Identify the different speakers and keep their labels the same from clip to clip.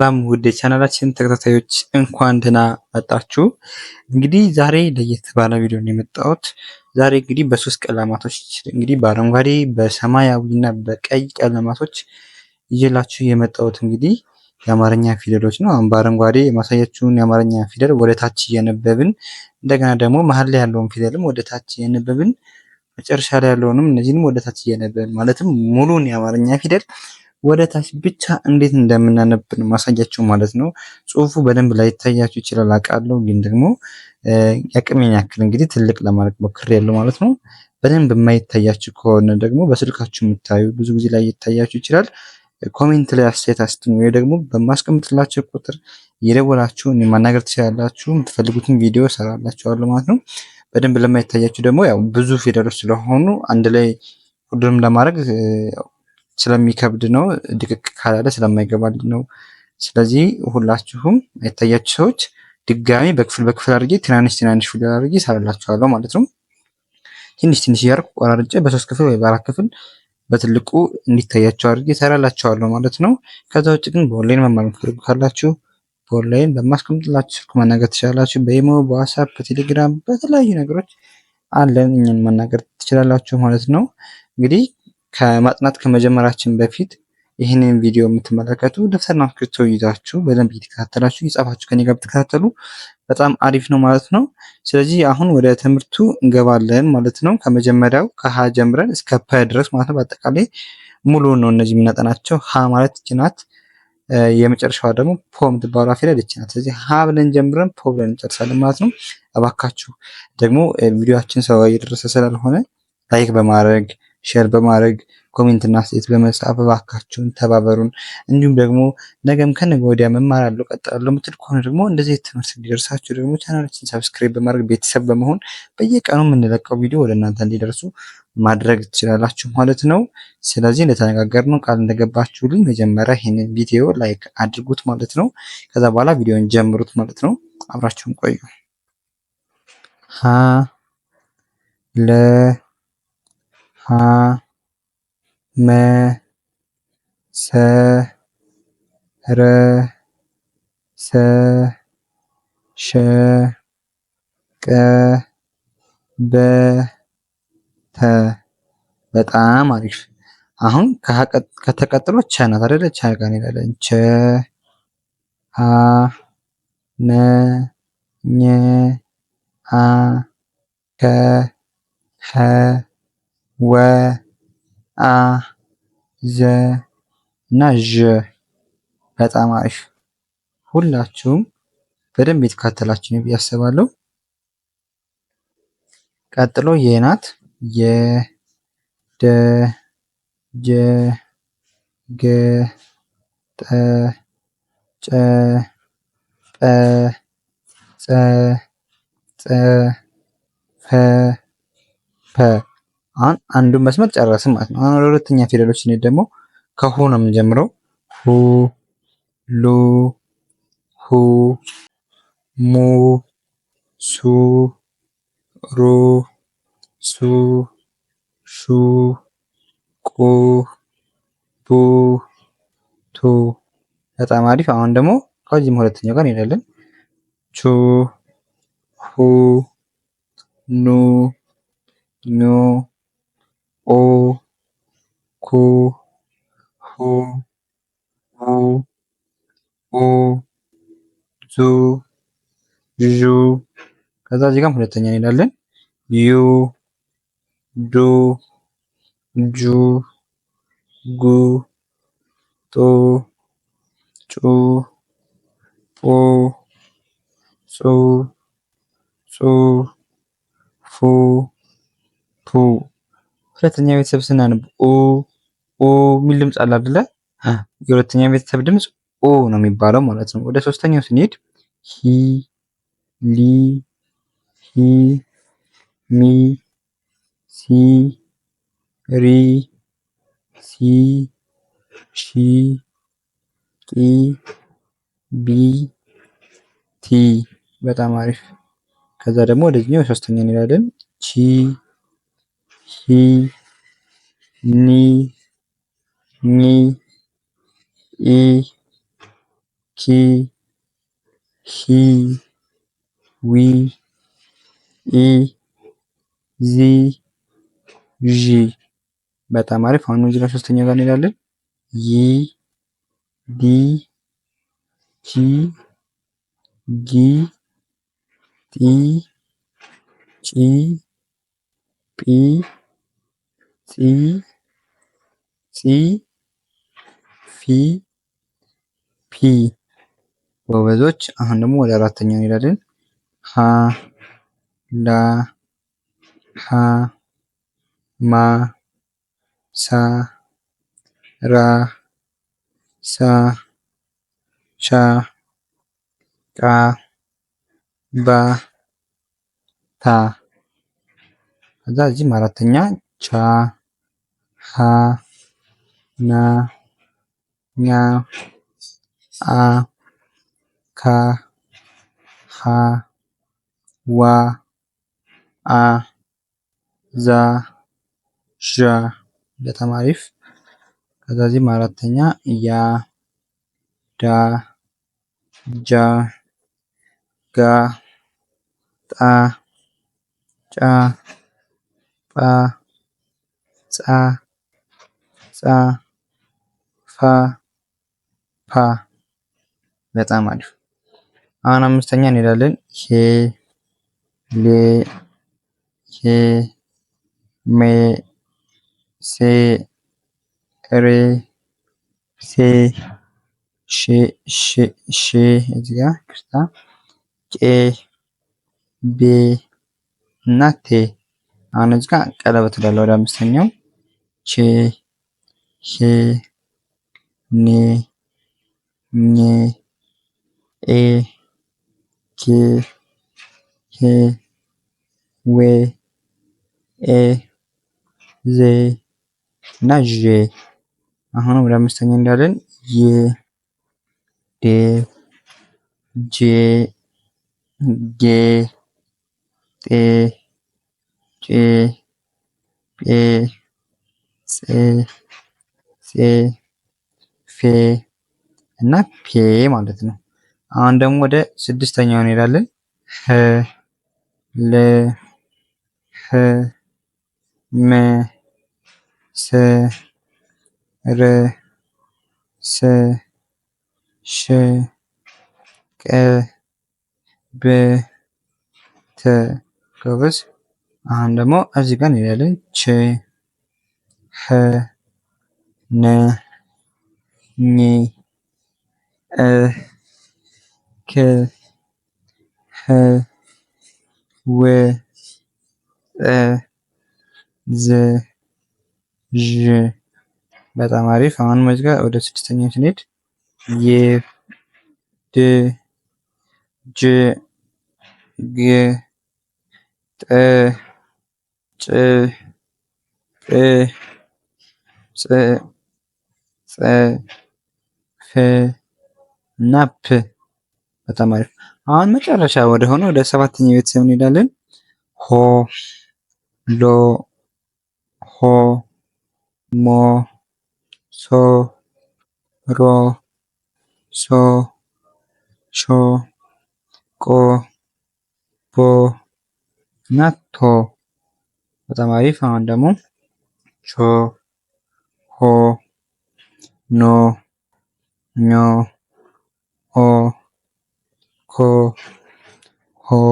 Speaker 1: ሰላም ውድ የቻናላችን ተከታታዮች እንኳን ደህና መጣችሁ። እንግዲህ ዛሬ ለየት ባለ ቪዲዮ ነው የመጣሁት። ዛሬ እንግዲህ በሶስት ቀለማቶች እንግዲህ በአረንጓዴ በሰማያዊ እና በቀይ ቀለማቶች ይዤላችሁ የመጣሁት እንግዲህ የአማርኛ ፊደሎች ነው። አሁን በአረንጓዴ የማሳያችሁን የአማርኛ ፊደል ወደ ታች እየነበብን እንደገና ደግሞ መሀል ላይ ያለውን ፊደልም ወደ ታች እየነበብን መጨረሻ ላይ ያለውንም እነዚህንም ወደ ታች እየነበብን ማለትም ሙሉን የአማርኛ ፊደል ወደ ታች ብቻ እንዴት እንደምናነብን ማሳያችሁ ማለት ነው። ጽሁፉ በደንብ ላይታያችሁ ይችላል አውቃለሁ፣ ግን ደግሞ ያቅሜን ያክል እንግዲህ ትልቅ ለማድረግ ሞክሬያለሁ ማለት ነው። በደንብ የማይታያችሁ ከሆነ ደግሞ በስልካችሁ የምታዩ ብዙ ጊዜ ላይ ይታያችሁ ይችላል። ኮሜንት ላይ አስተያየት አስጥኑ፣ ወይ ደግሞ በማስቀምጥላቸው ቁጥር የደወላችሁ ማናገር ትችላላችሁ። የምትፈልጉትን ቪዲዮ ሰራላችኋለሁ ማለት ነው። በደንብ ለማይታያችሁ ደግሞ ያው ብዙ ፊደሎች ስለሆኑ አንድ ላይ ሁሉንም ለማድረግ ስለሚከብድ ነው። ድቅቅ ካላለ ስለማይገባል ነው። ስለዚህ ሁላችሁም የታያችሁ ሰዎች ድጋሚ በክፍል በክፍል አድርጌ ትናንሽ ትናንሽ ፊደል አድርጌ እሰራላችኋለሁ ማለት ነው። ትንሽ ትንሽ እያደረኩ ቆራርጬ በሶስት ክፍል ወይ በአራት ክፍል በትልቁ እንዲታያቸው አድርጌ እሰራላችኋለሁ ማለት ነው። ከዛ ውጭ ግን በኦንላይን መማር ፈልጉ ካላችሁ በኦንላይን በማስቀምጥላችሁ ስልክ መናገር ትችላላችሁ። በኢሞ፣ በዋትሳፕ፣ በቴሌግራም በተለያዩ ነገሮች አለን። እኛን ማናገር ትችላላችሁ ማለት ነው እንግዲህ ከማጥናት ከመጀመራችን በፊት ይህንን ቪዲዮ የምትመለከቱ ደብተርና እስክሪብቶ ይዛችሁ በደንብ እየተከታተላችሁ እየጻፋችሁ ከኔ ጋር ብትከታተሉ በጣም አሪፍ ነው ማለት ነው። ስለዚህ አሁን ወደ ትምህርቱ እንገባለን ማለት ነው። ከመጀመሪያው ከሀ ጀምረን እስከ ፐ ድረስ ማለት ነው። በአጠቃላይ ሙሉ ነው እነዚህ የምናጠናቸው። ሀ ማለት ጭናት የመጨረሻዋ ደግሞ ፖ ምትባሉ ፊደል ይችላል። ስለዚህ ሀ ብለን ጀምረን ፖ ብለን እንጨርሳለን ማለት ነው። እባካችሁ ደግሞ ቪዲዮችን ሰው እየደረሰ ስላልሆነ ላይክ በማድረግ ሼር በማድረግ ኮሜንት እና አስተያየት በመጻፍ እባካችሁን ተባበሩን። እንዲሁም ደግሞ ነገም ከነገ ወዲያ መማራለሁ ቀጥላለሁ የምትል ከሆነ ደግሞ እንደዚህ ትምህርት እንዲደርሳችሁ ደግሞ ቻናላችን ሰብስክራይብ በማድረግ ቤተሰብ በመሆን በየቀኑ የምንለቀው ቪዲዮ ወደ እናንተ እንዲደርሱ ማድረግ ትችላላችሁ ማለት ነው። ስለዚህ እንደተነጋገርነው ቃል እንደገባችሁልኝ መጀመሪያ ይህንን ቪዲዮ ላይክ አድርጉት ማለት ነው። ከዛ በኋላ ቪዲዮን ጀምሩት ማለት ነው። አብራችሁን ቆዩ። ሀ ለ ሀ መ ሰ ረ ሰ ሸ ቀ በ ተ በጣም አሪፍ። አሁን ከተ ቸ ናት አይደለ? ቸ ጋር እንሄዳለን። ቸ ሀ ነ ኘ አ ከ ሐ ወ አ ዘ እና ዠ በጣም አሪፍ ሁላችሁም በደንብ የተካተላችሁ ነው ብዬ አስባለሁ። ቀጥሎ የ ናት የ ደ ጀ ገ ጠ ጨ ጰ ጸ ጸ ፈ ፐ አሁን አንዱን መስመር ጨረስን ማለት ነው። አሁን ወደ ሁለተኛ ፊደሎች ስንሄድ ደግሞ ከሁ ነው የምንጀምረው። ሁ፣ ሉ፣ ሁ፣ ሙ፣ ሱ፣ ሩ፣ ሱ፣ ሹ፣ ቁ፣ ቡ፣ ቱ። በጣም አሪፍ። አሁን ደግሞ ከዚህም ሁለተኛው ጋር እንሄዳለን። ቹ፣ ሁ፣ ኑ፣ ኙ ኦ ኩ ሁ ሁ ኡ ዙ ዡ ከዛ እዚህ ጋም ሁለተኛ እንሄዳለን። ዩ ዱ ጁ ጉ ጡ ጩ ጡ ጹ ጹ ፉ ቱ ሁለተኛ ቤተሰብ ስናነብ ኦ ኦ የሚል ድምፅ አለ አይደለ? የሁለተኛ ቤተሰብ ድምፅ ኦ ነው የሚባለው ማለት ነው። ወደ ሶስተኛው ስንሄድ ሂ ሊ ሂ ሚ ሲ ሪ ሲ ሺ ቂ ቢ ቲ በጣም አሪፍ። ከዛ ደግሞ ወደዚህኛው ሶስተኛ እንሄዳለን ቺ ሂ ኒ ኝ ኢ ኪ ሂ ዊ ኢ ዚ ዢ በጣም አሪፍ። አሁን እዚህ ጋር ሶስተኛው ጋር እንሄዳለን። ይ ዲ ጂ ጊ ጢ ጪ ጲ ጺ ጺ ፊ ፒ ጎበዞች። አሁን ደግሞ ወደ አራተኛው እንሄዳለን። ሀ ላ ሐ ማ ሳ ራ ሳ ሻ ቃ ባ ታ ከዛ እዚህም አራተኛ ቻ ha na nya a ka ha wa a za Marif kata ከዛዚህም አራተኛ ያ ዳ ጃ ጋ ጣ ጫ ጳ ጻ ጻ ፋ ፓ በጣም አሪፍ። አሁን አምስተኛ እንሄዳለን። ሄ ሌ ሄ ሜ ሴ ሬ ሴ ሼ ሼ ሼ እዚህ ጋር ክርታ ቄ ቤ እና ቴ አሁን እዚህ ጋር ቀለበት ወዳለ ወደ አምስተኛው ቼ ሄ ኔ ኜ ኤ ኬ ሄ ዌ ኤ ዜ እና ዤ አሁን ወደ አምስተኛ እንዳለን ዬ ዴ ጄ ጌ ጤ ጬ ጴ ፄ ፌ እና ፔ ማለት ነው። አሁን ደግሞ ወደ ስድስተኛው እንሄዳለን። ህ ለ ህ መ ሰ ረ ሰ ሸ ቀ በ ተ ጎበዝ። አሁን ደግሞ እዚህ ጋር እንሄዳለን። ች ሀ ን ኝ እክ ህ w እ ዝ ዥ በጣም አሪፍ አሁን እዚህ ጋር ወደ ስድስተኛው ስንሄድ የ ድ ጅ ግ ጠ ጭ ጵ ፅ ፍ እና ፕ በጣም አሪፍ። አሁን መጨረሻ ወደ ሆነ ወደ ሰባተኛ ቤተሰብ እንሄዳለን። ሆ ሎ ሆ ሞ ሶ ሮ ሶ ሾ ቆ ቦ እና ቶ በጣም አሪፍ። አሁን ደግሞ ቾ ሆ no no o ko ho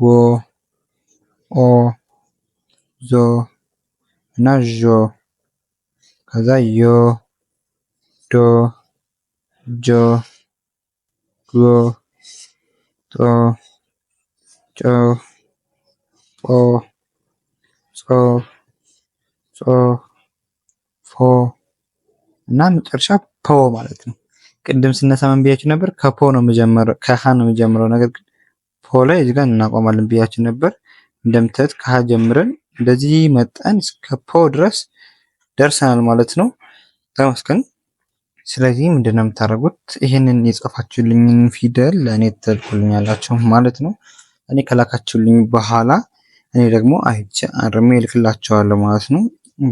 Speaker 1: wo o zo nazho kazayo do jo go to cho o so so fo እና መጨረሻ ፖ ማለት ነው። ቅድም ስነሳመን ብያችሁ ነበር? ከፖ ነው የምጀምረው፣ ከሀ ነው የምጀምረው። ነገር ግን ፖ ላይ እዚህ ጋር እናቆማለን ብያችሁ ነበር። እንደምታዩት ከሀ ጀምረን እንደዚህ መጠን እስከ ፖ ድረስ ደርሰናል ማለት ነው። ተመስገን። ስለዚህ ምንድን ነው የምታደርጉት? ይህንን የጻፋችሁልኝን ፊደል ለእኔ ትልኩልኛላችሁ ማለት ነው። እኔ ከላካችሁልኝ በኋላ እኔ ደግሞ አይቼ አርሜ እልክላችኋለሁ ማለት ነው።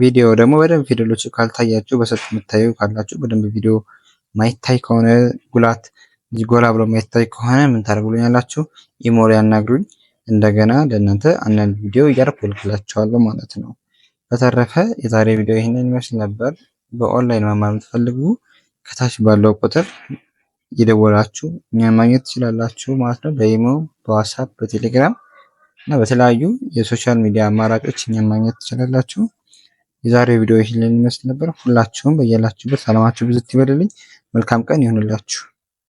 Speaker 1: ቪዲዮ ደግሞ በደንብ ፊደሎች ካልታያችሁ በሰጥ የምታዩ ካላችሁ በደንብ ቪዲዮ ማይታይ ከሆነ ጉላት ጎላ ብሎ ማይታይ ከሆነ ምን ታደርጉልኛላችሁ? ኢሞ ላይ ያናግሩኝ። እንደገና ለእናንተ አንዳንድ ቪዲዮ እያደረኩ ማለት ነው። በተረፈ የዛሬ ቪዲዮ ይህንን ይመስል ነበር። በኦንላይን መማር የምትፈልጉ ከታች ባለው ቁጥር እየደወላችሁ እኛን ማግኘት ትችላላችሁ ማለት ነው። በኢሞ፣ በዋትሳፕ፣ በቴሌግራም እና በተለያዩ የሶሻል ሚዲያ አማራጮች እኛን ማግኘት ትችላላችሁ። የዛሬ ቪዲዮ ይህንን ይመስል ነበር። ሁላችሁም በያላችሁበት ሰላማችሁ ብዙ ይበልልኝ። መልካም ቀን ይሁንላችሁ።